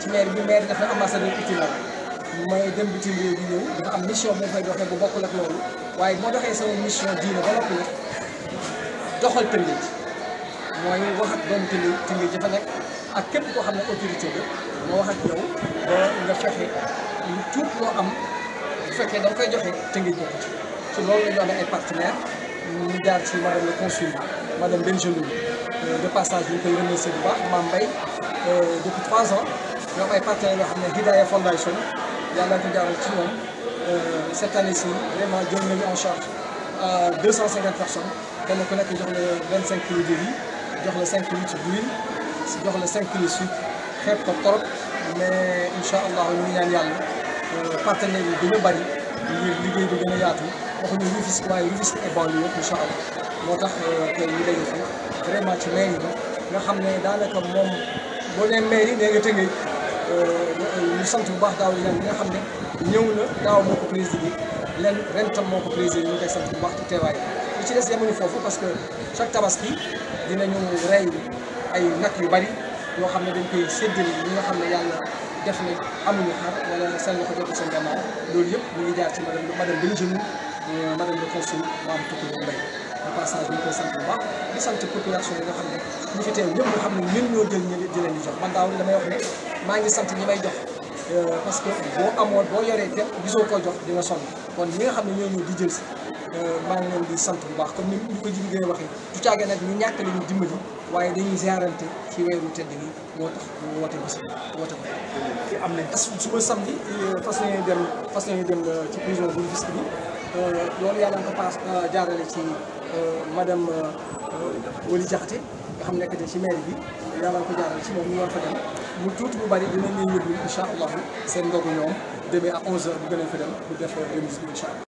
ci maire bi maire dafa ambassadeur utile may dem bitim réew di ñëw dafa am mission bu fay doxee bu bokkul ak loolu waaye moo doxee sama mission diine ba noppi nag doxal Tëngéej mooy wax ak doomu Tëngéej Tëngéej dafa nekk ak képp koo xam ne autorité la moo wax ak yow ba nga fexe lu tuut am bu fekkee da nga koy joxe Tëngéej bokk ci loolu la ñu amee ay partenaires ñu jaar ci madame le consul madame Bengelou de passage ñu koy remercier bu baax Mame Mbaye euh, depuis ñoom ay partenaires yoo xam ne Hidaya Fondation yàlla ko jaaral ci ñoom cette année ci vraiment jël nañu en charge à 250 personnes kenn ku nekk jox la 25 kilos de riz jox la 5 litres d'huile jox la 5 kilos sucre xeeb ko trop mais incha allah ñu ngi ñaan yàlla partenaires yi gën a bari ngir liggéey bi gën a yaatu waxuñu Rufisque waaye Rufisque et banlieue yëpp incha allah moo tax tey ñu daje fi vraiment ci mairie bi nga xam ne daanaka moom boo nee mairie nee nga tënkee. Euh, ñu sant bu baax daaw yéen ñi nga xam ne ñëw na daaw moo ko présidé leen ren tam moo ko présidé ñu ngi koy sant bu baax ci teewaay li ci des yemuñu foofu parce que chaque tabaski dinañu rey ay nag yu bari yoo xam ne dañ koy yi ñi nga xam ne yàlla def na amuñu xar wala seen loxo jotul seen gannaaw loolu yëpp ñu ngi jaar ci madame madame Benjamin euh, madame le consul maam Tukku Mbaye de passage ñu koy sant bu population yi nga xam ne ñu fi teew ñëpp nga xam ne ñun ñoo jël ñu di leen di jox man daaw wax ne maa ngi sant ñi may jox euh, parce que boo amoon boo yoree te gisoo koo jox di nga sonn kon ñi nga xam ne ñoo ñëw di jël si euh, maa ngi di sant bu baax comme ni ñu ko jibigéey waxee du caagee nag ñu ñàkk la ñu dimbali waaye dañuy ziarante ci weeru tedd bi moo tax ñu woote bés woote ko am nañ su suba samedi euh, fas nañu dem fas nañu dem ci prison bu fisc bi Euh, loolu yàlla nga ko paas euh, jaarale ci euh, madame Wali Diakhaté nga xam nekk ci mairie bi yàlla nga ko jaarale ci moom ñu mu tuuti bu bari dinañ leen yóbbu incha allahu seen ndogu ñoom demee a 11h bu gën a fa dem bu def remise bi incha allah.